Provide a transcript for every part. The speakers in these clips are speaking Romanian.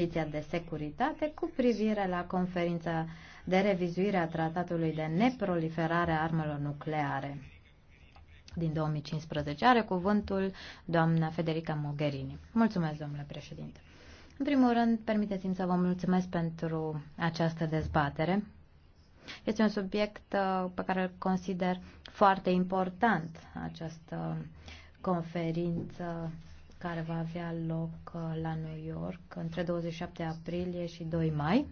poziția de securitate cu privire la conferința de revizuire a tratatului de neproliferare a armelor nucleare din 2015. Are cuvântul doamna Federica Mogherini. Mulțumesc, domnule președinte. În primul rând, permiteți-mi să vă mulțumesc pentru această dezbatere. Este un subiect uh, pe care îl consider foarte important, această conferință care va avea loc uh, la New York între 27 aprilie și 2 mai.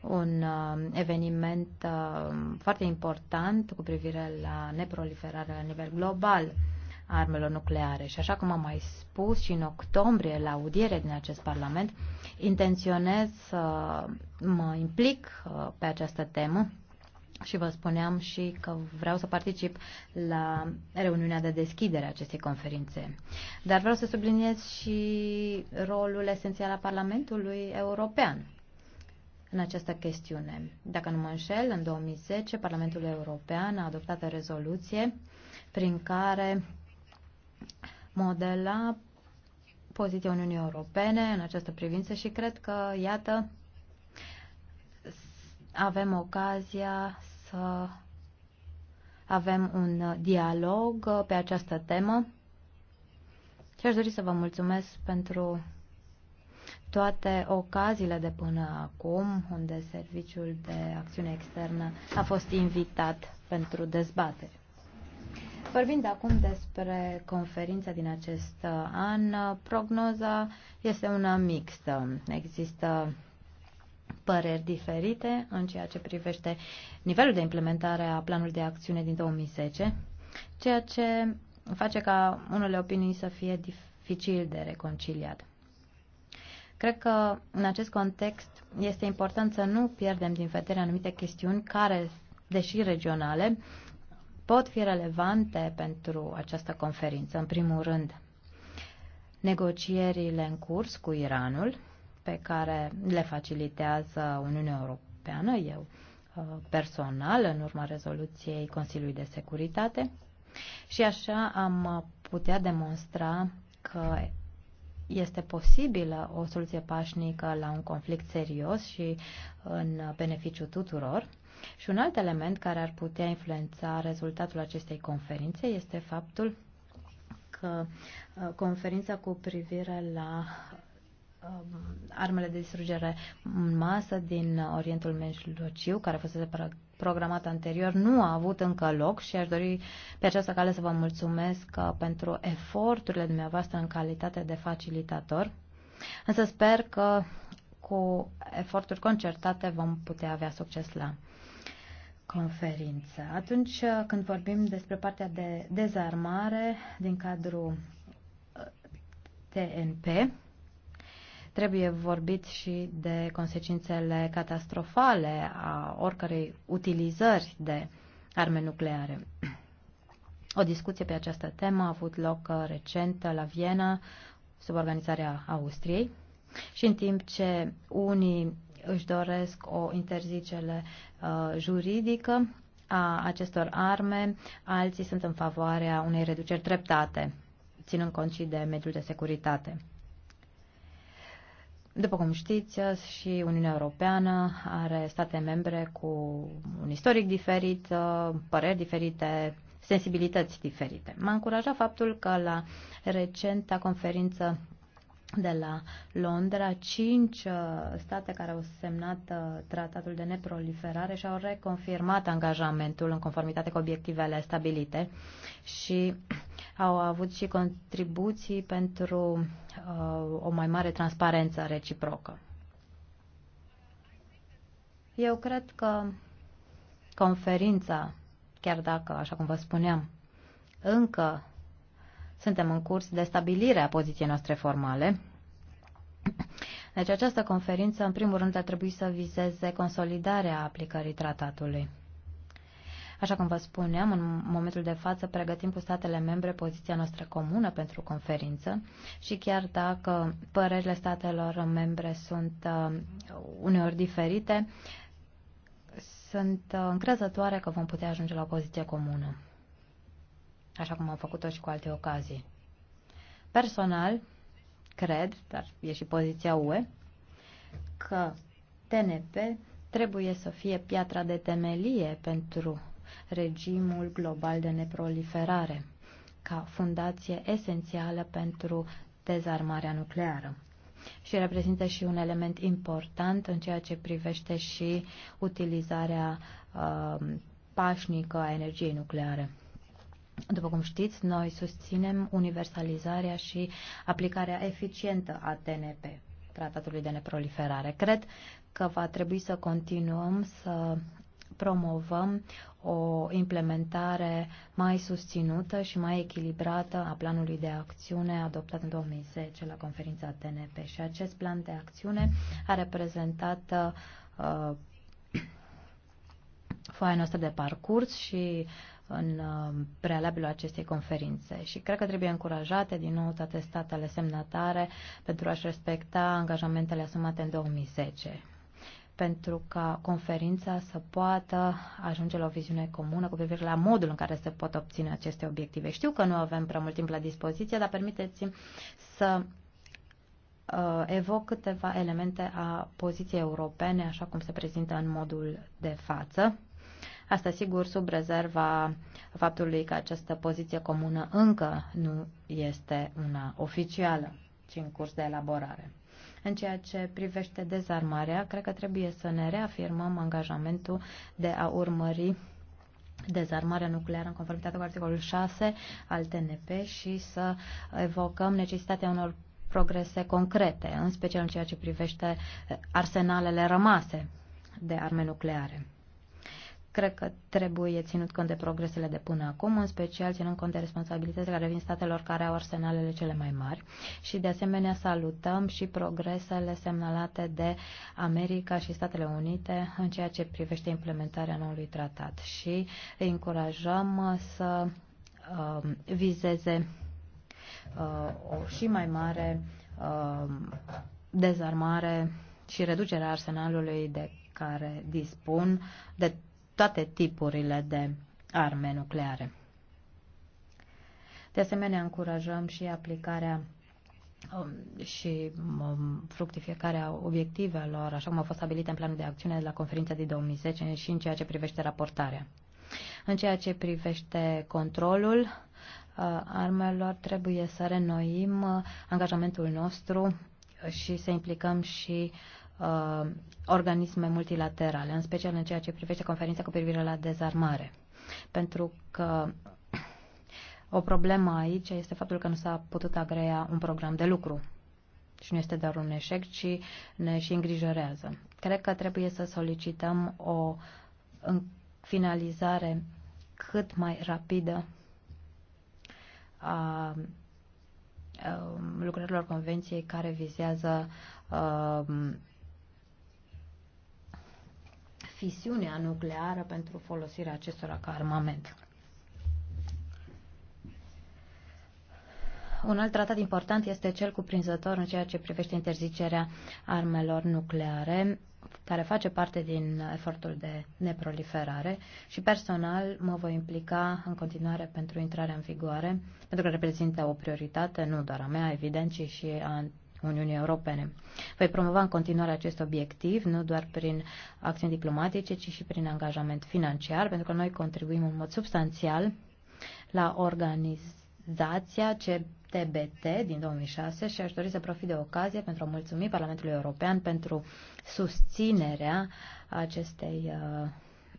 Un uh, eveniment uh, foarte important cu privire la neproliferarea la nivel global a armelor nucleare. Și așa cum am mai spus și în octombrie la audiere din acest Parlament, intenționez să mă implic pe această temă și vă spuneam și că vreau să particip la reuniunea de deschidere a acestei conferințe. Dar vreau să subliniez și rolul esențial al Parlamentului European în această chestiune. Dacă nu mă înșel, în 2010 Parlamentul European a adoptat o rezoluție prin care modela poziția Uniunii Europene în această privință și cred că, iată, avem ocazia să avem un dialog pe această temă și aș dori să vă mulțumesc pentru toate ocaziile de până acum unde Serviciul de Acțiune Externă a fost invitat pentru dezbateri. Vorbind acum despre conferința din acest an, prognoza este una mixtă. Există păreri diferite în ceea ce privește nivelul de implementare a planului de acțiune din 2010, ceea ce face ca unele opinii să fie dificil de reconciliat. Cred că în acest context este important să nu pierdem din vedere anumite chestiuni care, deși regionale, pot fi relevante pentru această conferință. În primul rând, negocierile în curs cu Iranul, pe care le facilitează Uniunea Europeană, eu uh, personal, în urma rezoluției Consiliului de Securitate. Și așa am putea demonstra că este posibilă o soluție pașnică la un conflict serios și în beneficiu tuturor. Și un alt element care ar putea influența rezultatul acestei conferințe este faptul că uh, conferința cu privire la Um, armele de distrugere în masă din Orientul Mijlociu, care fusese programat anterior, nu a avut încă loc și aș dori pe această cale să vă mulțumesc uh, pentru eforturile dumneavoastră în calitate de facilitator. Însă sper că cu eforturi concertate vom putea avea succes la conferință. Atunci uh, când vorbim despre partea de dezarmare din cadrul uh, TNP, Trebuie vorbit și de consecințele catastrofale a oricărei utilizări de arme nucleare. O discuție pe această temă a avut loc uh, recent uh, la Viena, sub organizarea Austriei, și în timp ce unii își doresc o interzicere uh, juridică a acestor arme, alții sunt în favoarea unei reduceri treptate, ținând cont și de mediul de securitate. După cum știți, și Uniunea Europeană are state membre cu un istoric diferit, păreri diferite, sensibilități diferite. M-a încurajat faptul că la recenta conferință de la Londra, cinci uh, state care au semnat uh, tratatul de neproliferare și au reconfirmat angajamentul în conformitate cu obiectivele stabilite și au avut și contribuții pentru uh, o mai mare transparență reciprocă. Eu cred că conferința, chiar dacă, așa cum vă spuneam, încă suntem în curs de stabilire a poziției noastre formale. Deci această conferință, în primul rând, ar trebui să vizeze consolidarea aplicării tratatului. Așa cum vă spuneam, în momentul de față pregătim cu statele membre poziția noastră comună pentru conferință și chiar dacă părerile statelor membre sunt uh, uneori diferite, sunt uh, încrezătoare că vom putea ajunge la o poziție comună așa cum am făcut-o și cu alte ocazii. Personal, cred, dar e și poziția UE, că TNP trebuie să fie piatra de temelie pentru regimul global de neproliferare, ca fundație esențială pentru dezarmarea nucleară și reprezintă și un element important în ceea ce privește și utilizarea uh, pașnică a energiei nucleare. După cum știți, noi susținem universalizarea și aplicarea eficientă a TNP, Tratatului de Neproliferare. Cred că va trebui să continuăm să promovăm o implementare mai susținută și mai echilibrată a planului de acțiune adoptat în 2010 la conferința TNP. Și acest plan de acțiune a reprezentat uh, foaia noastră de parcurs și uh, în um, prealabilul acestei conferințe și cred că trebuie încurajate din nou toate statele semnatare pentru a-și respecta angajamentele asumate în 2010 pentru ca conferința să poată ajunge la o viziune comună cu privire la modul în care se pot obține aceste obiective. Știu că nu avem prea mult timp la dispoziție, dar permiteți-mi să uh, evoc câteva elemente a poziției europene, așa cum se prezintă în modul de față. Asta sigur sub rezerva faptului că această poziție comună încă nu este una oficială, ci în curs de elaborare. În ceea ce privește dezarmarea, cred că trebuie să ne reafirmăm angajamentul de a urmări dezarmarea nucleară în conformitate cu articolul 6 al TNP și să evocăm necesitatea unor progrese concrete, în special în ceea ce privește arsenalele rămase de arme nucleare. Cred că trebuie ținut cont de progresele de până acum, în special ținând cont de responsabilitățile care vin statelor care au arsenalele cele mai mari și de asemenea salutăm și progresele semnalate de America și Statele Unite în ceea ce privește implementarea noului tratat și îi încurajăm să uh, vizeze uh, o și mai mare uh, dezarmare și reducerea arsenalului de care dispun de toate tipurile de arme nucleare. De asemenea, încurajăm și aplicarea um, și um, fructificarea obiectivelor, așa cum au fost stabilite în planul de acțiune de la conferința din 2010 și în ceea ce privește raportarea. În ceea ce privește controlul uh, armelor, trebuie să renoim uh, angajamentul nostru și să implicăm și uh, Uh, organisme multilaterale, în special în ceea ce privește conferința cu privire la dezarmare. Pentru că o problemă aici este faptul că nu s-a putut agrea un program de lucru și nu este doar un eșec, ci ne și îngrijorează. Cred că trebuie să solicităm o finalizare cât mai rapidă a lucrărilor convenției care vizează uh, fisiunea nucleară pentru folosirea acestora ca armament. Un alt tratat important este cel cuprinzător în ceea ce privește interzicerea armelor nucleare, care face parte din efortul de neproliferare și personal mă voi implica în continuare pentru intrarea în vigoare, pentru că reprezintă o prioritate nu doar a mea, evident, ci și a Uniunii Europene. Voi promova în continuare acest obiectiv, nu doar prin acțiuni diplomatice, ci și prin angajament financiar, pentru că noi contribuim în mod substanțial la organizația CTBT din 2006 și aș dori să profit de ocazie pentru a mulțumi Parlamentului European pentru susținerea acestei uh,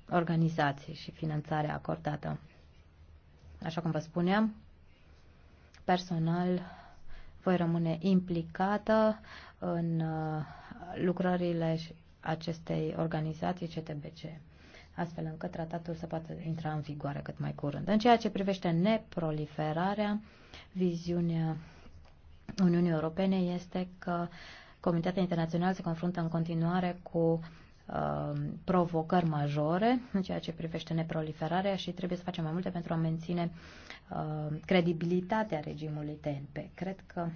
organizații și finanțarea acordată. Așa cum vă spuneam, personal voi rămâne implicată în uh, lucrările acestei organizații CTBC astfel încât tratatul să poată intra în vigoare cât mai curând. În ceea ce privește neproliferarea, viziunea Uniunii Europene este că comunitatea internațională se confruntă în continuare cu Um, provocări majore în ceea ce privește neproliferarea și trebuie să facem mai multe pentru a menține um, credibilitatea regimului TNP. Cred că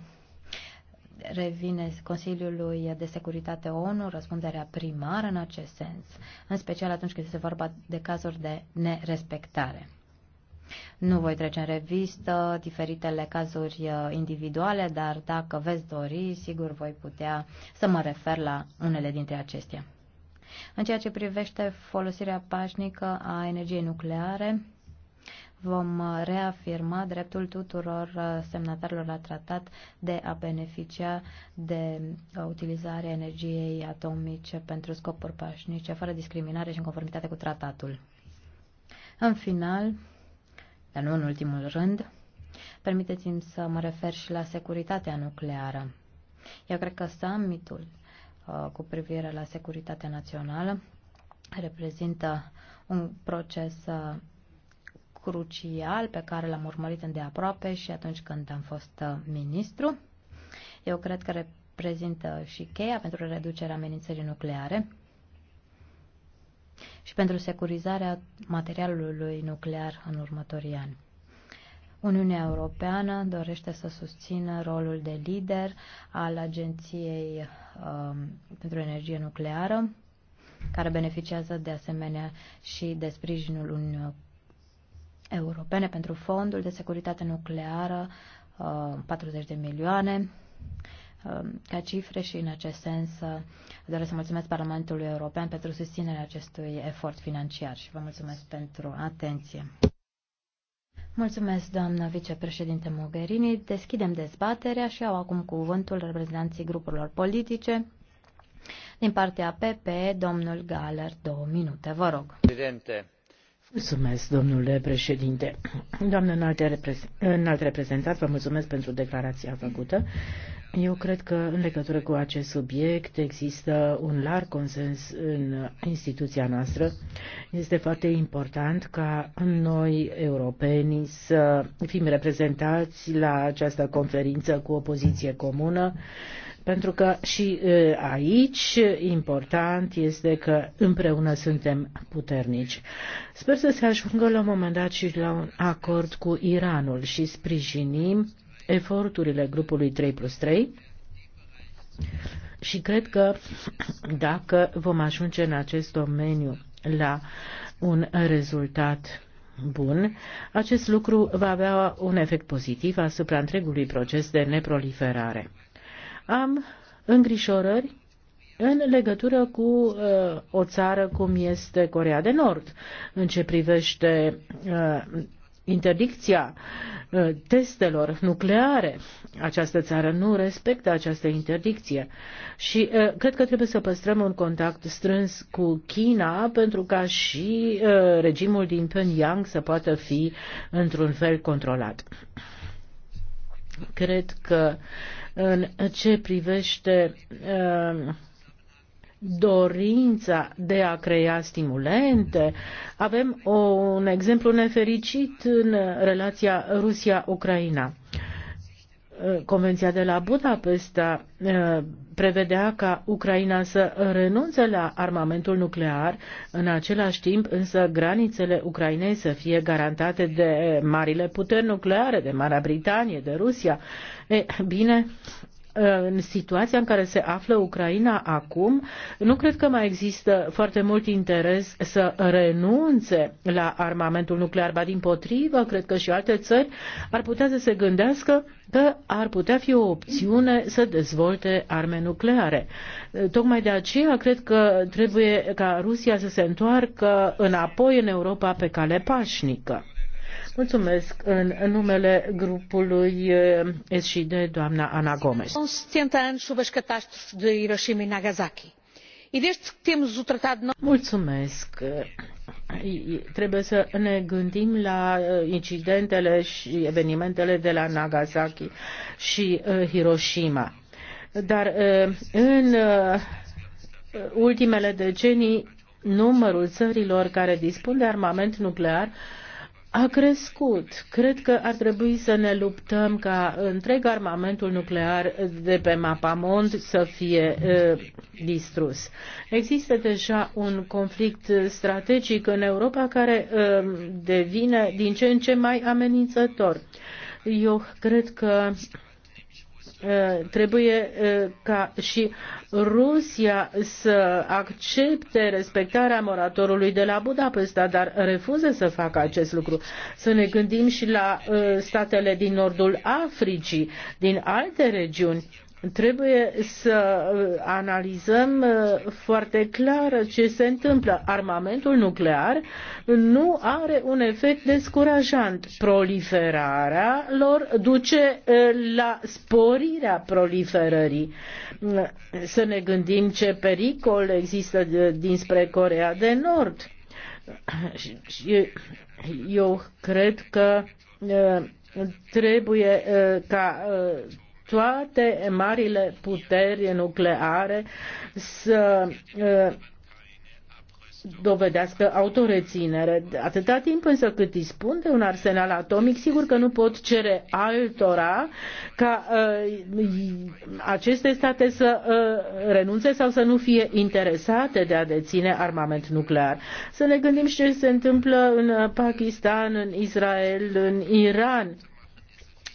revine Consiliului de Securitate ONU răspunderea primară în acest sens, în special atunci când este vorba de cazuri de nerespectare. Nu voi trece în revistă diferitele cazuri uh, individuale, dar dacă veți dori, sigur voi putea să mă refer la unele dintre acestea. În ceea ce privește folosirea pașnică a energiei nucleare, vom uh, reafirma dreptul tuturor uh, semnatarilor la tratat de a beneficia de uh, utilizarea energiei atomice pentru scopuri pașnice, fără discriminare și în conformitate cu tratatul. În final, dar nu în ultimul rând, permiteți-mi să mă refer și la securitatea nucleară. Eu cred că summitul Uh, cu privire la securitatea națională reprezintă un proces uh, crucial pe care l-am urmărit îndeaproape și atunci când am fost uh, ministru. Eu cred că reprezintă și cheia pentru reducerea amenințării nucleare și pentru securizarea materialului nuclear în următorii ani. Uniunea Europeană dorește să susțină rolul de lider al Agenției um, pentru Energie Nucleară, care beneficiază de asemenea și de sprijinul Uniunii Europene pentru Fondul de Securitate Nucleară, uh, 40 de milioane um, ca cifre și în acest sens uh, doresc să mulțumesc Parlamentului European pentru susținerea acestui efort financiar și vă mulțumesc pentru atenție. Mulțumesc, doamnă vicepreședinte Mogherini. Deschidem dezbaterea și au acum cuvântul reprezentanții grupurilor politice. Din partea PP, domnul Galer, două minute, vă rog. Presidente. Mulțumesc, domnule președinte. Doamnă înalt, înalt reprezentat, vă mulțumesc pentru declarația făcută. Eu cred că în legătură cu acest subiect există un larg consens în instituția noastră. Este foarte important ca noi, europenii, să fim reprezentați la această conferință cu o poziție comună pentru că și aici important este că împreună suntem puternici. Sper să se ajungă la un moment dat și la un acord cu Iranul și sprijinim eforturile grupului 3 plus 3 și cred că dacă vom ajunge în acest domeniu la un rezultat bun, acest lucru va avea un efect pozitiv asupra întregului proces de neproliferare. Am îngrijorări în legătură cu uh, o țară cum este Corea de Nord, în ce privește uh, interdicția uh, testelor nucleare. Această țară nu respectă această interdicție și uh, cred că trebuie să păstrăm un contact strâns cu China pentru ca și uh, regimul din Pyongyang să poată fi într-un fel controlat. Cred că uh, în ce privește um, dorința de a crea stimulente. Avem un exemplu nefericit în relația Rusia-Ucraina. Uh, Convenția de la Budapesta eh, prevedea ca Ucraina să renunțe la armamentul nuclear, în același timp însă granițele Ucrainei să fie garantate de marile puteri nucleare, de Marea Britanie, de Rusia. E, bine, în situația în care se află Ucraina acum, nu cred că mai există foarte mult interes să renunțe la armamentul nuclear, ba din potrivă, cred că și alte țări ar putea să se gândească că ar putea fi o opțiune să dezvolte arme nucleare. Tocmai de aceea cred că trebuie ca Rusia să se întoarcă înapoi în Europa pe cale pașnică. Mulțumesc în numele grupului eh, SID, doamna Ana Gomes. Sunt 70 ani sub as de Hiroshima și Nagasaki. Mulțumesc trebuie să ne gândim la eh, incidentele și evenimentele de la Nagasaki și eh, Hiroshima. Dar în ultimele decenii, numărul țărilor care dispun de armament nuclear a crescut. Cred că ar trebui să ne luptăm ca întreg armamentul nuclear de pe Mapamond să fie uh, distrus. Există deja un conflict strategic în Europa care uh, devine din ce în ce mai amenințător. Eu cred că Eh, trebuie eh, ca și Rusia să accepte respectarea moratorului de la Budapesta, dar refuză să facă acest lucru. Să ne gândim și la eh, statele din nordul Africii, din alte regiuni Trebuie să uh, analizăm uh, foarte clar ce se întâmplă. Armamentul nuclear nu are un efect descurajant. Proliferarea lor duce uh, la sporirea proliferării. Să ne gândim ce pericol există dinspre Corea de Nord. Eu cred că trebuie ca toate marile puteri nucleare să dovedească autoreținere. Atâta timp însă cât dispun de un arsenal atomic, sigur că nu pot cere altora ca uh, aceste state să uh, renunțe sau să nu fie interesate de a deține armament nuclear. Să ne gândim și ce se întâmplă în Pakistan, în Israel, în Iran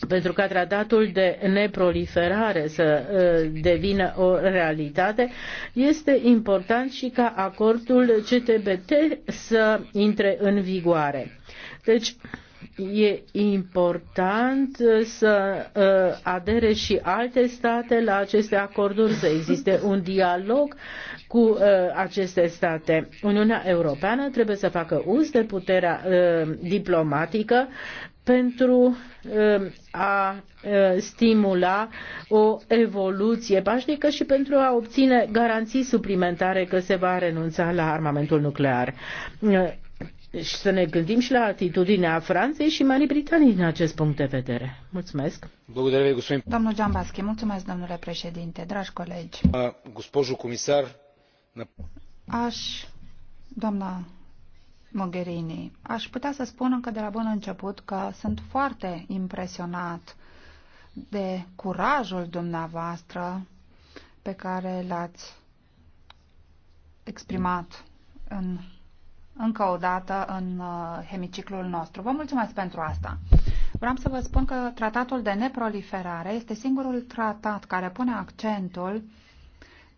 pentru ca tratatul de neproliferare să uh, devină o realitate, este important și ca acordul CTBT să intre în vigoare. Deci, e important să uh, adere și alte state la aceste acorduri, să existe un dialog cu uh, aceste state. Uniunea Europeană trebuie să facă uz de puterea diplomatică pentru um, a uh, stimula o evoluție pașnică și pentru a obține garanții suplimentare că se va renunța la armamentul nuclear. Uh, și să ne gândim și la atitudinea Franței și Marii Britanii din acest punct de vedere. Mulțumesc. Domnul Giambaschi, mulțumesc, domnule președinte, dragi colegi. Aș, doamna Mogherini, aș putea să spun încă de la bun început că sunt foarte impresionat de curajul dumneavoastră pe care l-ați exprimat în, încă o dată în uh, hemiciclul nostru. Vă mulțumesc pentru asta. Vreau să vă spun că tratatul de neproliferare este singurul tratat care pune accentul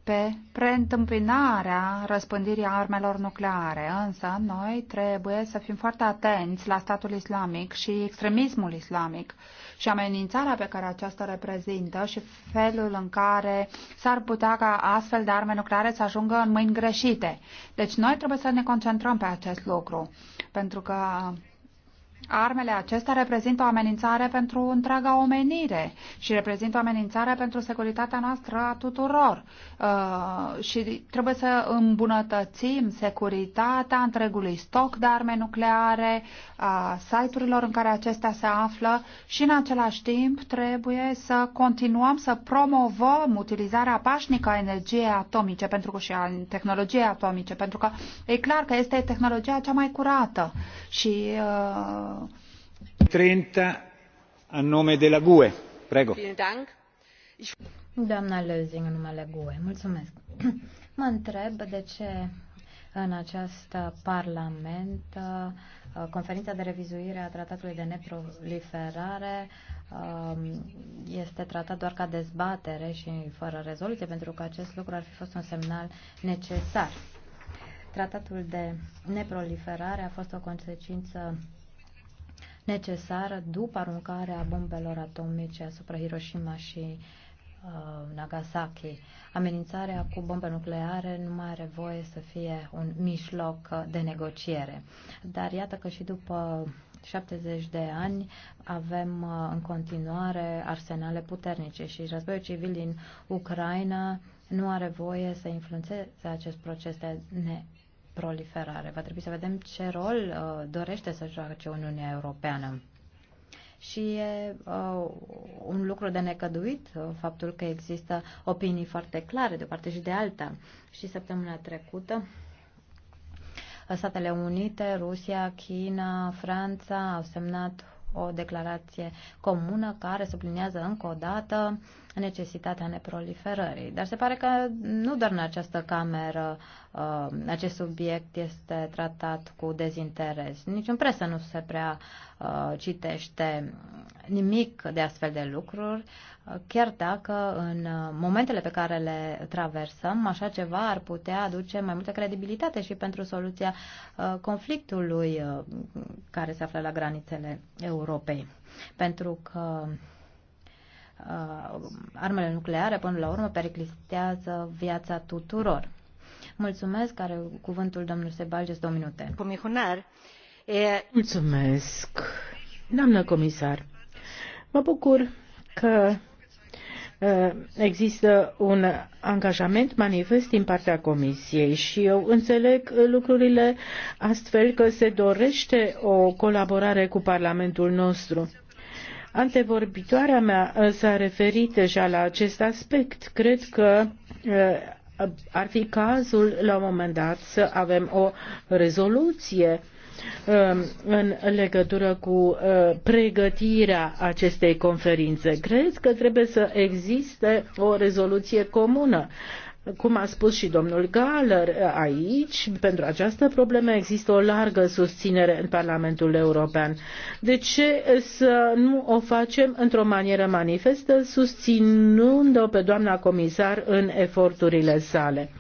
pe preîntâmpinarea răspândirii armelor nucleare, însă noi trebuie să fim foarte atenți la statul islamic și extremismul islamic și amenințarea pe care aceasta reprezintă și felul în care s-ar putea ca astfel de arme nucleare să ajungă în mâini greșite. Deci noi trebuie să ne concentrăm pe acest lucru, pentru că Armele acestea reprezintă o amenințare pentru întreaga omenire și reprezintă o amenințare pentru securitatea noastră a tuturor. Uh, și trebuie să îmbunătățim securitatea întregului stoc de arme nucleare, a site-urilor în care acestea se află și în același timp trebuie să continuăm să promovăm utilizarea pașnică a energiei atomice pentru că și a tehnologiei atomice, pentru că e clar că este tehnologia cea mai curată și uh, 30 de la Doamna Lözing, în numele GUE. Mulțumesc. Mă întreb de ce în acest parlament uh, conferința de revizuire a tratatului de neproliferare um, este tratat doar ca dezbatere și fără rezoluție, pentru că acest lucru ar fi fost un semnal necesar. Tratatul de neproliferare a fost o consecință necesară după aruncarea bombelor atomice asupra Hiroshima și uh, Nagasaki. Amenințarea cu bombe nucleare nu mai are voie să fie un mijloc de negociere. Dar iată că și după 70 de ani avem uh, în continuare arsenale puternice și războiul civil din Ucraina nu are voie să influențeze acest proces de proliferare. Va trebui să vedem ce rol uh, dorește să joace Uniunea Europeană. Și e uh, un lucru de necăduit uh, faptul că există opinii foarte clare de o parte și de alta. Și săptămâna trecută uh, Statele Unite, Rusia, China, Franța au semnat o declarație comună care sublinează încă o dată necesitatea neproliferării. Dar se pare că nu doar în această cameră uh, acest subiect este tratat cu dezinteres. Nici în presă nu se prea uh, citește nimic de astfel de lucruri chiar dacă în uh, momentele pe care le traversăm, așa ceva ar putea aduce mai multă credibilitate și pentru soluția uh, conflictului uh, care se află la granițele Europei. Pentru că armele nucleare, până la urmă, periclistează viața tuturor. Mulțumesc, are cuvântul domnul Sebalges, două minute. Mulțumesc, doamnă comisar. Mă bucur că Eh, există un angajament manifest din partea Comisiei și eu înțeleg lucrurile astfel că se dorește o colaborare cu Parlamentul nostru. Antevorbitoarea mea eh, s-a referit deja la acest aspect. Cred că eh, ar fi cazul la un moment dat să avem o rezoluție uh, Um, în legătură cu uh, pregătirea acestei conferințe. Cred că trebuie să existe o rezoluție comună. Cum a spus și domnul Galler aici, pentru această problemă există o largă susținere în Parlamentul European. De ce să nu o facem într-o manieră manifestă, susținând-o pe doamna comisar în eforturile sale?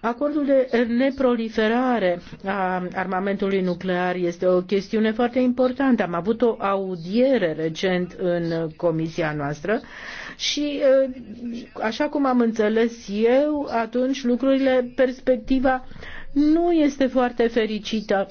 Acordul de neproliferare a armamentului nuclear este o chestiune foarte importantă. Am avut o audiere recent în comisia noastră și, eh, așa cum am înțeles eu, atunci lucrurile, perspectiva nu este foarte fericită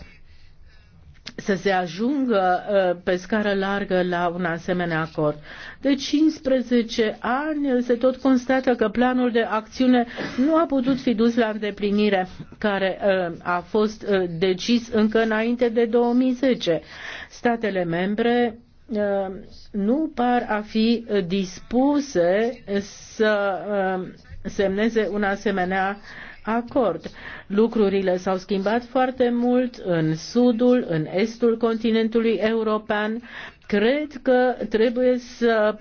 să se ajungă uh, pe scară largă la un asemenea acord. De 15 ani se tot constată că planul de acțiune nu a putut fi dus la îndeplinire, care uh, a fost uh, decis încă înainte de 2010. Statele membre nu par a fi dispuse să semneze un asemenea acord. Lucrurile s-au schimbat foarte mult în sudul, în estul continentului european. Cred că trebuie să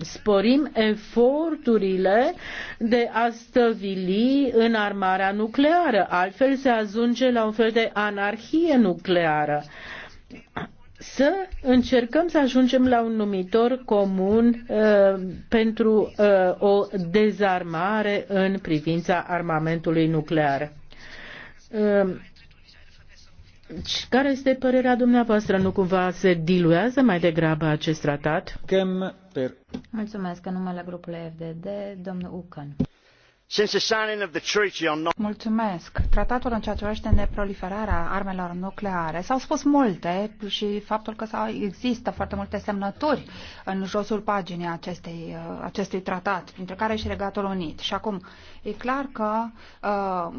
sporim eforturile de a stăvili armarea nucleară. Altfel se ajunge la un fel de anarhie nucleară să încercăm să ajungem la un numitor comun uh, pentru uh, o dezarmare în privința armamentului nuclear. Uh, care este părerea dumneavoastră? Nu cumva se diluează mai degrabă acest tratat? Mulțumesc în numele grupului FDD, domnul Ucan. Mulțumesc. Tratatul în ceea ce privește neproliferarea armelor nucleare. S-au spus multe și faptul că există foarte multe semnături în josul paginii acestei, uh, acestui tratat, printre care și Regatul Unit. Și acum, e clar că uh,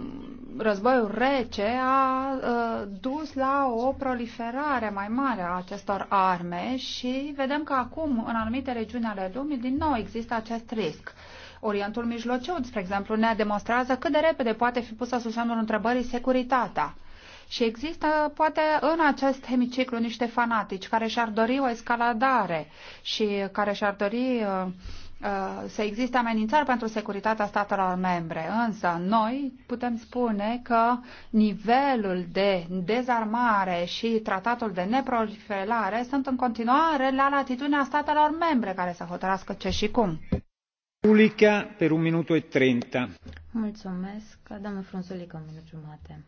războiul rece a uh, dus la o proliferare mai mare a acestor arme și vedem că acum, în anumite regiuni ale lumii, din nou există acest risc. Uh, Orientul Mijlociu, spre exemplu, ne demonstrează cât de repede poate fi pusă sub semnul întrebării securitatea. Și există, poate, în acest hemiciclu niște fanatici care și-ar dori o escaladare și care și-ar dori uh, uh, să existe amenințări pentru securitatea statelor membre. Însă, noi putem spune că nivelul de dezarmare și tratatul de neproliferare sunt în continuare la latitudinea statelor membre care să hotărască ce și cum. Frunzulica, per un minut e 30. Mulțumesc, doamnă Frunzulică, un minut jumate.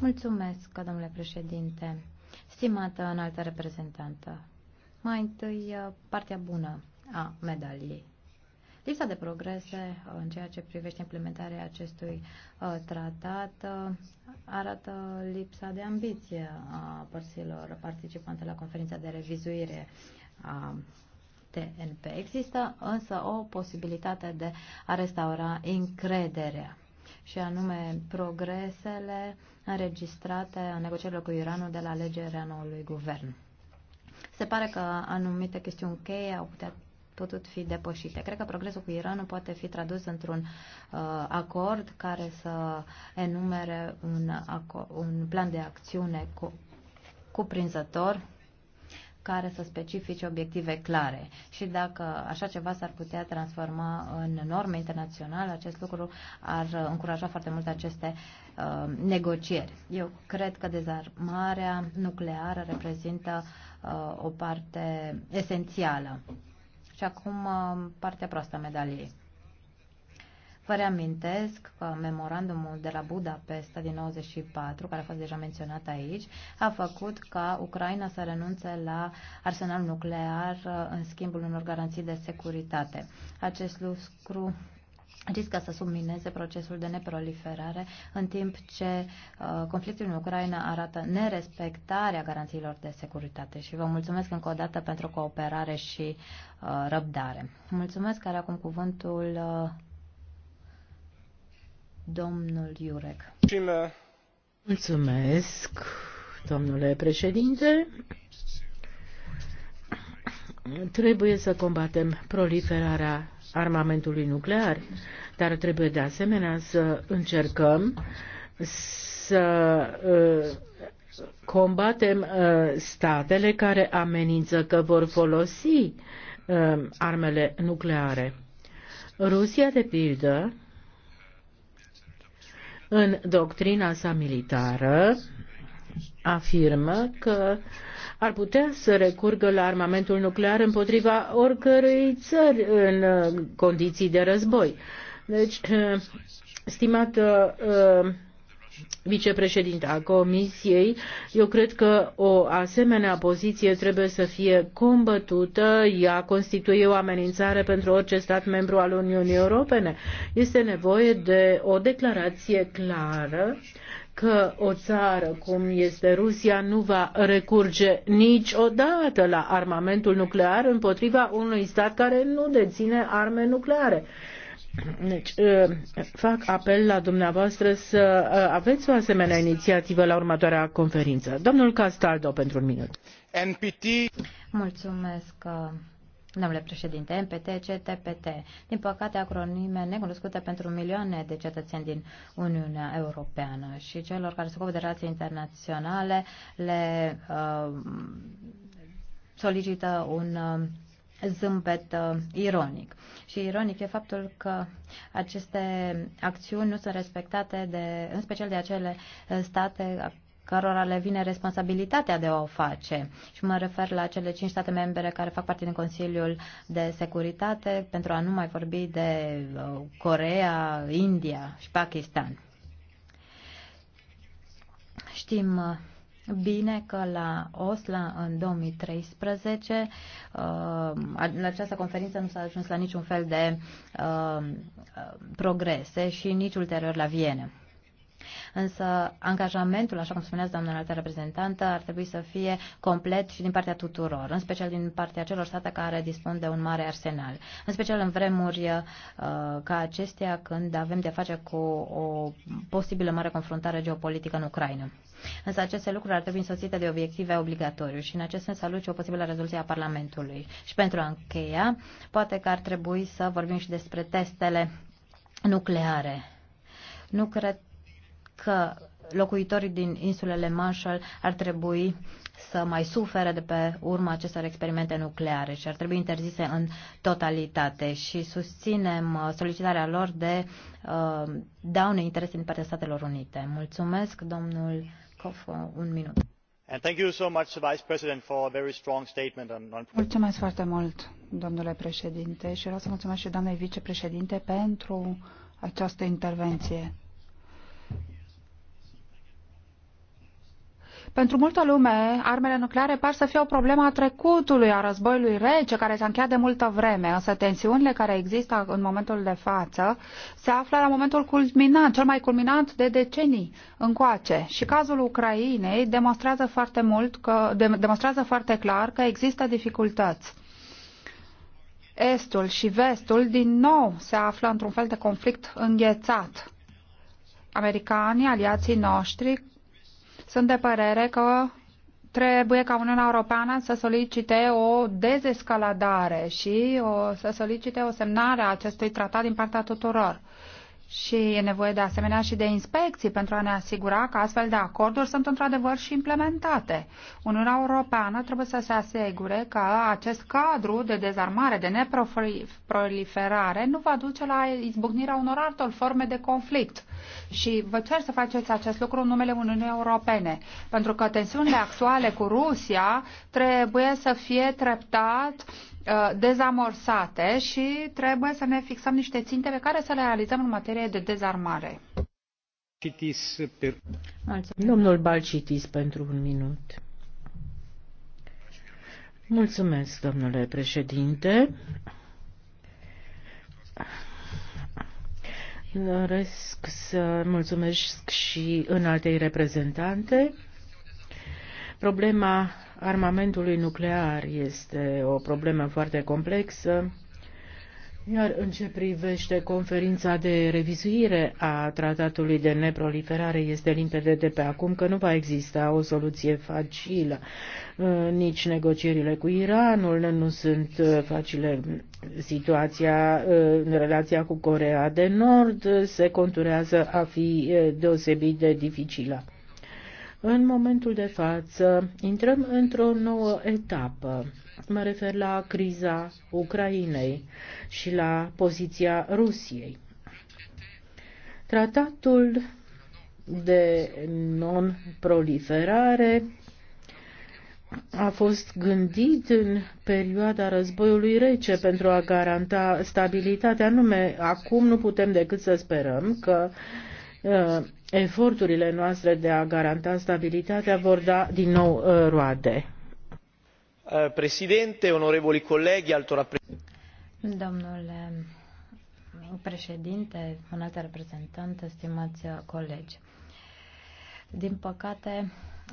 Mulțumesc, domnule președinte. Stimată înaltă reprezentantă, mai întâi partea bună a medaliei. Lipsa de progrese în ceea ce privește implementarea acestui uh, tratat uh, arată lipsa de ambiție a părților participante la conferința de revizuire a TNP. Există însă o posibilitate de a restaura încrederea și anume progresele înregistrate în negocierile cu Iranul de la alegerea noului guvern. Se pare că anumite chestiuni cheie au putea putut fi depășite. Cred că progresul cu Iranul poate fi tradus într-un uh, acord care să enumere un, un plan de acțiune cu, cuprinzător care să specifice obiective clare. Și dacă așa ceva s-ar putea transforma în norme internaționale, acest lucru ar încuraja foarte mult aceste uh, negocieri. Eu cred că dezarmarea nucleară reprezintă uh, o parte esențială. Și acum uh, partea proastă a medaliei. Vă reamintesc că memorandumul de la Budapesta din 94, care a fost deja menționat aici, a făcut ca Ucraina să renunțe la arsenal nuclear uh, în schimbul unor garanții de securitate. Acest lucru riscă să submineze procesul de neproliferare, în timp ce uh, conflictul în Ucraina arată nerespectarea garanțiilor de securitate. Și vă mulțumesc încă o dată pentru cooperare și uh, răbdare. Mulțumesc, care acum cuvântul uh, domnul Iurec. Mulțumesc, domnule președinte. Trebuie să combatem proliferarea armamentului nuclear, dar trebuie de asemenea să încercăm să uh, combatem uh, statele care amenință că vor folosi uh, armele nucleare. Rusia, de pildă, în doctrina sa militară afirmă că ar putea să recurgă la armamentul nuclear împotriva oricărei țări în uh, condiții de război. Deci, uh, stimată uh, vicepreședinte a Comisiei, eu cred că o asemenea poziție trebuie să fie combătută, ea constituie o amenințare pentru orice stat membru al Uniunii Europene. Este nevoie de o declarație clară că o țară cum este Rusia nu va recurge niciodată la armamentul nuclear împotriva unui stat care nu deține arme nucleare. Deci, ă, fac apel la dumneavoastră să ă, aveți o asemenea inițiativă la următoarea conferință. Domnul Castaldo, pentru un minut. NPT. Mulțumesc, ă, domnule președinte. NPT, CTPT. Din păcate, acronime necunoscute pentru milioane de cetățeni din Uniunea Europeană și celor care se ocupă de relații internaționale le uh, solicită un uh, zâmbet uh, ironic. Și ironic e faptul că aceste acțiuni nu sunt respectate, de, în special de acele uh, state cărora le vine responsabilitatea de a o face. Și mă refer la cele cinci state membre care fac parte din Consiliul de Securitate, pentru a nu mai vorbi de uh, Corea, India și Pakistan. Știm uh, bine că la Osla în 2013, în uh, această conferință nu s-a ajuns la niciun fel de uh, uh, progrese și nici ulterior la Viena. Însă angajamentul, așa cum spuneați, doamna înaltă reprezentantă, ar trebui să fie complet și din partea tuturor, în special din partea celor state care dispun de un mare arsenal. În special în vremuri uh, ca acestea, când avem de face cu o posibilă mare confruntare geopolitică în Ucraina. Însă aceste lucruri ar trebui însoțite de obiective obligatoriu și în acest sens salut și o posibilă rezoluție a Parlamentului. Și pentru a încheia, poate că ar trebui să vorbim și despre testele nucleare. Nu cred că locuitorii din insulele Marshall ar trebui să mai sufere de pe urma acestor experimente nucleare și ar trebui interzise în totalitate și susținem uh, solicitarea lor de uh, daune interese din partea Statelor Unite. Mulțumesc, domnul Kof, un minut. Mulțumesc foarte mult, domnule președinte, și vreau să mulțumesc și doamnei vicepreședinte pentru această intervenție. Pentru multă lume, armele nucleare par să fie o problemă a trecutului, a războiului rece, care s-a încheiat de multă vreme, însă tensiunile care există în momentul de față se află la momentul culminant, cel mai culminant de decenii încoace. Și cazul Ucrainei demonstrează foarte, mult că, demonstrează foarte clar că există dificultăți. Estul și vestul din nou se află într-un fel de conflict înghețat. Americanii, aliații noștri, sunt de părere că trebuie ca Uniunea Europeană să solicite o dezescaladare și o, să solicite o semnare a acestui tratat din partea tuturor. Și e nevoie de asemenea și de inspecții pentru a ne asigura că astfel de acorduri sunt într-adevăr și implementate. Uniunea Europeană trebuie să se asigure că acest cadru de dezarmare, de neproliferare, nu va duce la izbucnirea unor altor forme de conflict. Și vă cer să faceți acest lucru în numele Uniunii Europene, pentru că tensiunile actuale cu Rusia trebuie să fie treptat Uh, dezamorsate și trebuie să ne fixăm niște ținte pe care să le realizăm în materie de dezarmare. Domnul Balcitis pentru un minut. Mulțumesc, domnule președinte. Doresc să mulțumesc și în altei reprezentante Problema armamentului nuclear este o problemă foarte complexă, iar în ce privește conferința de revizuire a tratatului de neproliferare, este limpede de pe acum că nu va exista o soluție facilă. Uh, nici negocierile cu Iranul nu sunt uh, facile. Situația în uh, relația cu Corea de Nord se conturează a fi deosebit de dificilă. În momentul de față intrăm într-o nouă etapă. Mă refer la criza Ucrainei și la poziția Rusiei. Tratatul de non-proliferare a fost gândit în perioada războiului rece pentru a garanta stabilitatea. Anume, acum nu putem decât să sperăm că uh, Uh, eforturile noastre de a garanta stabilitatea vor da din nou uh, roade. Uh, președinte, onorevoli colegi, alto Domnule președinte, înaltă reprezentantă, stimați colegi. Din păcate,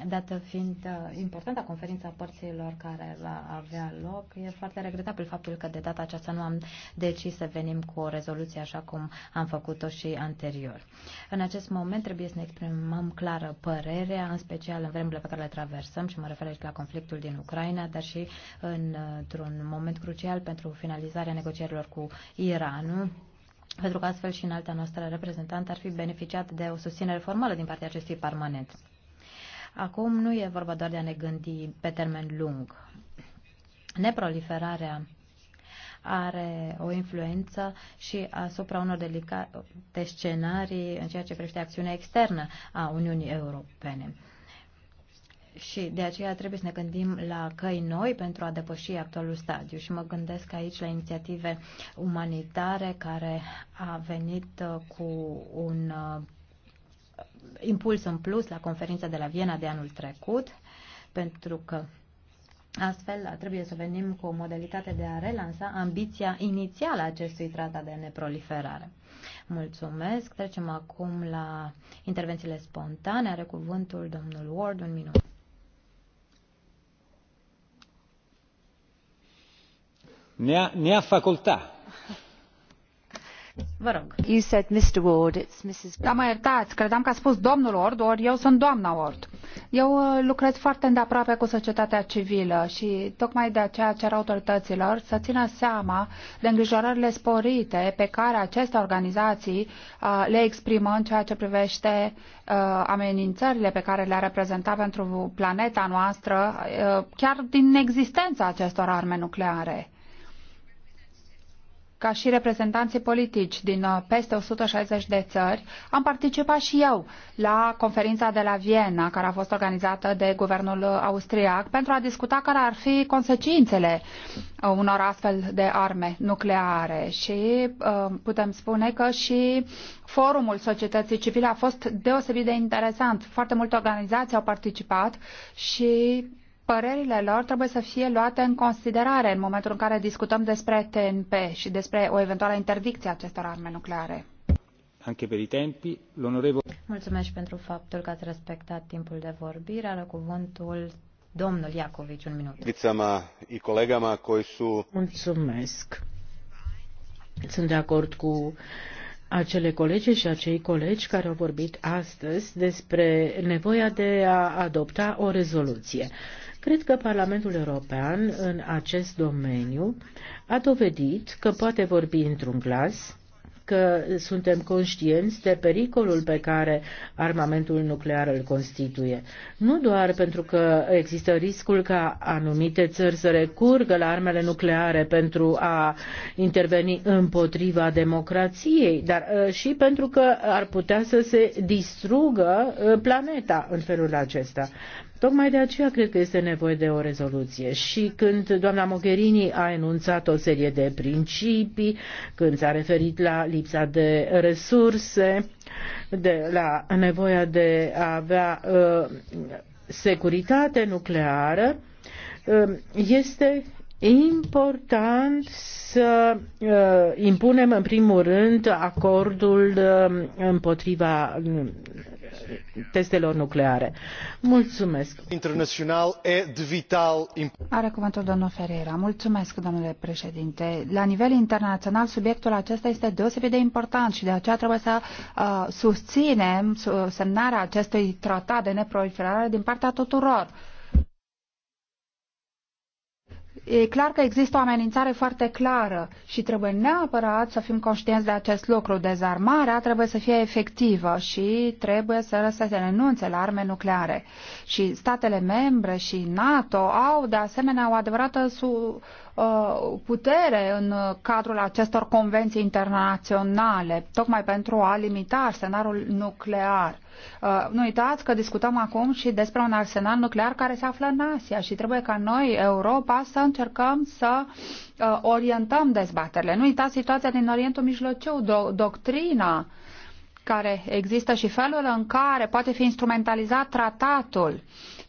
Dată fiind uh, importanta conferința părților care va avea loc, e foarte regretabil faptul că de data aceasta nu am decis să venim cu o rezoluție așa cum am făcut-o și anterior. În acest moment trebuie să ne exprimăm clară părerea, în special în vremurile pe care le traversăm și mă refer aici la conflictul din Ucraina, dar și într-un moment crucial pentru finalizarea negocierilor cu Iranul pentru că astfel și în alta noastră reprezentantă ar fi beneficiat de o susținere formală din partea acestui parlament. Acum nu e vorba doar de a ne gândi pe termen lung. Neproliferarea are o influență și asupra unor delicate scenarii în ceea ce privește acțiunea externă a Uniunii Europene. Și de aceea trebuie să ne gândim la căi noi pentru a depăși actualul stadiu. Și mă gândesc aici la inițiative umanitare care a venit cu un impuls în plus la conferința de la Viena de anul trecut, pentru că astfel trebuie să venim cu o modalitate de a relansa ambiția inițială a acestui tratat de neproliferare. Mulțumesc. Trecem acum la intervențiile spontane. Are cuvântul domnul Ward, un minut. Ne-a, ne facultat. Vă rog. Ward, Da, mă iertați, credeam că a spus domnul Ward, ori eu sunt doamna Ward. Eu uh, lucrez foarte îndeaproape cu societatea civilă și tocmai de aceea cer autorităților să țină seama de îngrijorările sporite pe care aceste organizații uh, le exprimă în ceea ce privește uh, amenințările pe care le-a reprezentat pentru planeta noastră, uh, chiar din existența acestor arme nucleare ca și reprezentanții politici din uh, peste 160 de țări, am participat și eu la conferința de la Viena, care a fost organizată de guvernul austriac, pentru a discuta care ar fi consecințele uh, unor astfel de arme nucleare. Și uh, putem spune că și forumul societății civile a fost deosebit de interesant. Foarte multe organizații au participat și părerile lor trebuie să fie luate în considerare în momentul în care discutăm despre TNP și despre o eventuală interdicție a acestor arme nucleare. Anche per i tempi, l'onorevole... Mulțumesc pentru faptul că ați respectat timpul de vorbire. Are cuvântul domnul Iacovici, un minut. colegama Mulțumesc. Sunt de acord cu acele colege și acei colegi care au vorbit astăzi despre nevoia de a adopta o rezoluție. Cred că Parlamentul European în acest domeniu a dovedit că poate vorbi într-un glas, că suntem conștienți de pericolul pe care armamentul nuclear îl constituie. Nu doar pentru că există riscul ca anumite țări să recurgă la armele nucleare pentru a interveni împotriva democrației, dar ă, și pentru că ar putea să se distrugă ă, planeta în felul acesta. Tocmai de aceea cred că este nevoie de o rezoluție. Și când doamna Mogherini a enunțat o serie de principii, când s-a referit la lipsa de resurse, de la nevoia de a avea uh, securitate nucleară, uh, este important să uh, impunem în primul rând acordul uh, împotriva uh, testelor nucleare. Mulțumesc. Internațional e de vital Are cuvântul domnul Ferreira. Mulțumesc, domnule președinte. La nivel internațional, subiectul acesta este deosebit de important și de aceea trebuie să uh, susținem semnarea acestui tratat de neproliferare din partea tuturor e clar că există o amenințare foarte clară și trebuie neapărat să fim conștienți de acest lucru. Dezarmarea trebuie să fie efectivă și trebuie să se renunțe la arme nucleare. Și statele membre și NATO au de asemenea o adevărată su, uh, putere în cadrul acestor convenții internaționale, tocmai pentru a limita arsenalul nuclear. Uh, nu uitați că discutăm acum și despre un arsenal nuclear care se află în Asia și trebuie ca noi, Europa, să încercăm să uh, orientăm dezbaterile. Nu uitați situația din Orientul Mijlociu, do doctrina care există și felul în care poate fi instrumentalizat tratatul.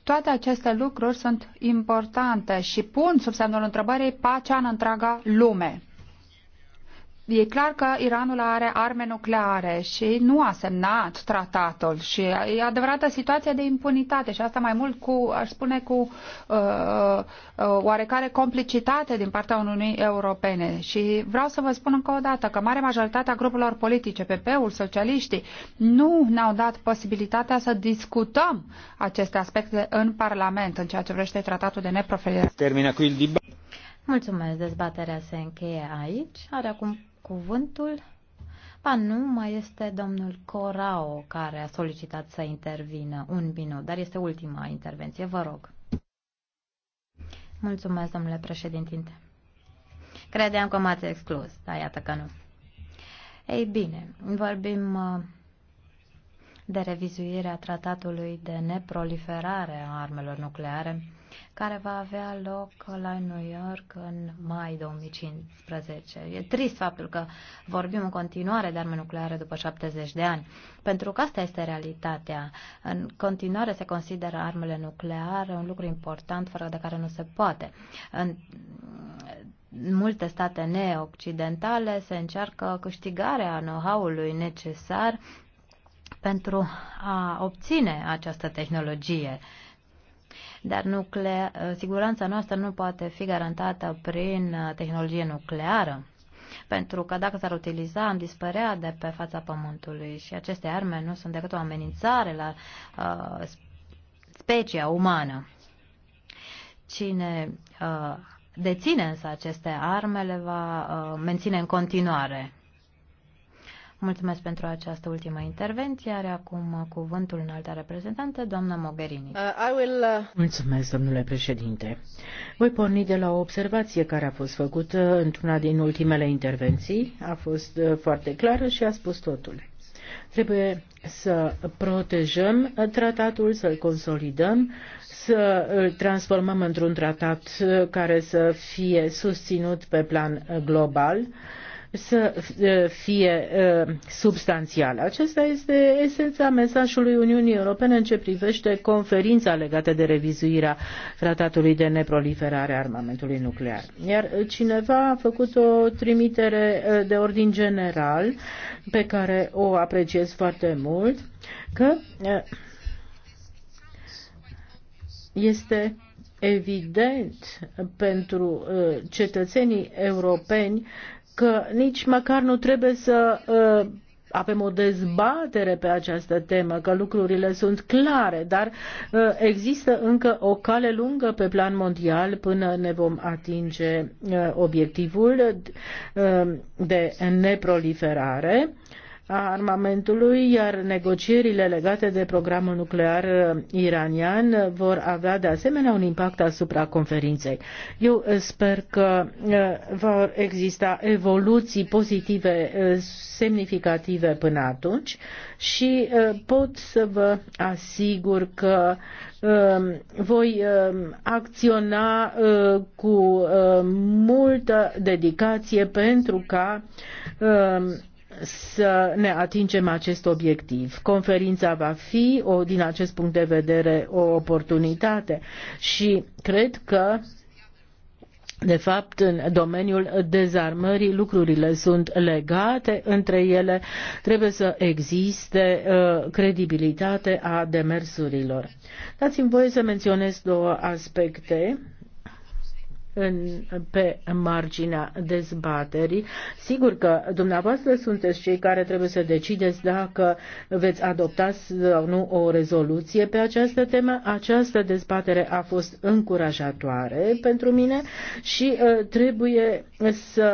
Toate aceste lucruri sunt importante și pun sub semnul întrebării pacea în întreaga lume. E clar că Iranul are arme nucleare și nu a semnat tratatul și e adevărată situația de impunitate și asta mai mult cu, aș spune, cu uh, uh, oarecare complicitate din partea Uniunii Europene. Și vreau să vă spun încă o dată că mare majoritatea grupurilor politice, PP-ul, socialiștii, nu ne-au dat posibilitatea să discutăm aceste aspecte în Parlament în ceea ce vrește tratatul de neprofilare. Termină cu il Mulțumesc, dezbaterea se încheie aici. Are acum cuvântul? Ba nu, mai este domnul Corao care a solicitat să intervină un minut, dar este ultima intervenție, vă rog. Mulțumesc, domnule președinte. Credeam că m-ați exclus, dar iată că nu. Ei bine, vorbim uh, de revizuirea tratatului de neproliferare a armelor nucleare care va avea loc la New York în mai 2015. E trist faptul că vorbim în continuare de arme nucleare după 70 de ani, pentru că asta este realitatea. În continuare se consideră armele nucleare un lucru important fără de care nu se poate. În multe state neoccidentale se încearcă câștigarea know-how-ului necesar pentru a obține această tehnologie. Uh, dar nuclea, uh, siguranța noastră nu poate fi garantată prin uh, tehnologie nucleară. Pentru că dacă s-ar utiliza, am dispărea de pe fața Pământului și aceste arme nu sunt decât o amenințare la uh, specia umană. Cine uh, deține însă aceste arme le va uh, menține în continuare Mulțumesc pentru această ultimă intervenție. Are acum cuvântul în alta reprezentantă, doamna Mogherini. Uh, I will, uh... Mulțumesc, domnule președinte. Voi porni de la o observație care a fost făcută într-una din ultimele intervenții. A fost uh, foarte clară și a spus totul. Trebuie să protejăm uh, tratatul, să-l consolidăm, să îl transformăm într-un tratat uh, care să fie susținut pe plan global să fie substanțială. Acesta este esența mesajului Uniunii Europene în ce privește conferința legată de revizuirea tratatului de neproliferare a armamentului nuclear. Iar cineva a făcut o trimitere de ordin general pe care o apreciez foarte mult că este evident pentru cetățenii europeni că nici măcar nu trebuie să uh, avem o dezbatere pe această temă, că lucrurile sunt clare, dar uh, există încă o cale lungă pe plan mondial până ne vom atinge uh, obiectivul uh, de neproliferare. Uh, a armamentului, iar negocierile legate de programul nuclear uh, iranian uh, vor avea de asemenea un impact asupra conferinței. Eu uh, sper că vor exista evoluții pozitive semnificative până atunci și pot să vă asigur că um, voi um, acționa cu multă dedicație pentru ca um, să ne atingem acest obiectiv. Conferința va fi, o, din acest punct de vedere, o oportunitate și cred că de fapt, în domeniul dezarmării lucrurile sunt legate între ele, trebuie să existe uh, credibilitate a demersurilor. Dați-mi voie să menționez două aspecte în, pe marginea dezbaterii. Sigur că dumneavoastră sunteți cei care trebuie să decideți dacă veți adopta sau nu o rezoluție pe această temă. Această dezbatere a fost încurajatoare pentru mine și uh, trebuie să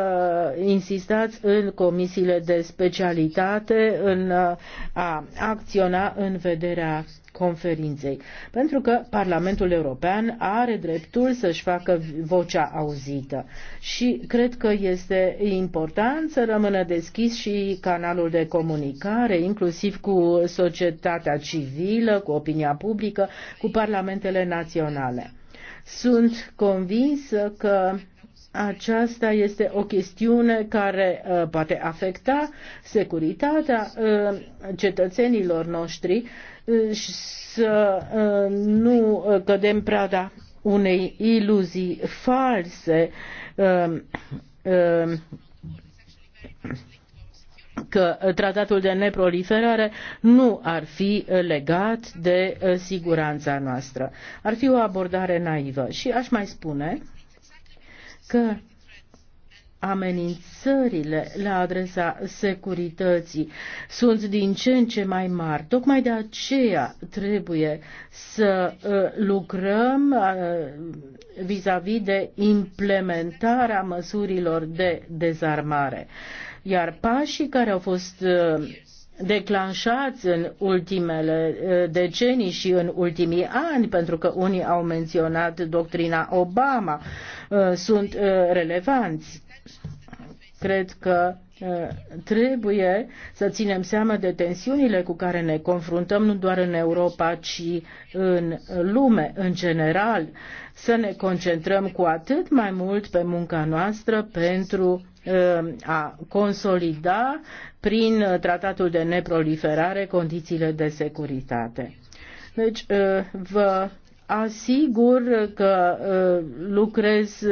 insistați în comisiile de specialitate în uh, a acționa în vederea conferinței, pentru că Parlamentul European are dreptul să-și facă vocea auzită. Și cred că este important să rămână deschis și canalul de comunicare, inclusiv cu societatea civilă, cu opinia publică, cu parlamentele naționale. Sunt convinsă că aceasta este o chestiune care uh, poate afecta securitatea uh, cetățenilor noștri uh, și să uh, nu uh, cădem prada unei iluzii false uh, uh, că tratatul de neproliferare nu ar fi legat de siguranța noastră. Ar fi o abordare naivă. Și aș mai spune că amenințările la adresa securității sunt din ce în ce mai mari. Tocmai de aceea trebuie să uh, lucrăm uh, vis-a-vis -vis de implementarea măsurilor de dezarmare. Iar pașii care au fost uh, declanșați în ultimele decenii și în ultimii ani, pentru că unii au menționat doctrina Obama, sunt relevanți. Cred că Eh, trebuie să ținem seama de tensiunile cu care ne confruntăm nu doar în Europa, ci în lume în general, să ne concentrăm cu atât mai mult pe munca noastră pentru eh, a consolida prin tratatul de neproliferare condițiile de securitate. Deci eh, vă asigur că lucrez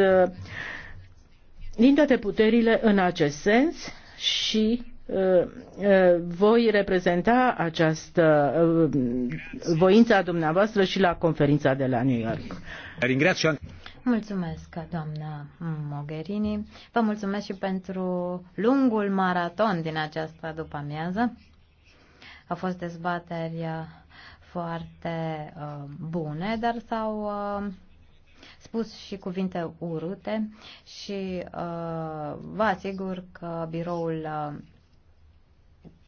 din toate puterile în acest sens și uh, uh, voi reprezenta această uh, voință a dumneavoastră și la conferința de la New York. Mulțumesc, doamna Mogherini. Vă mulțumesc și pentru lungul maraton din această după-amiază. Au fost dezbateri foarte uh, bune, dar s-au uh, spus și cuvinte urâte și uh, vă asigur că biroul uh,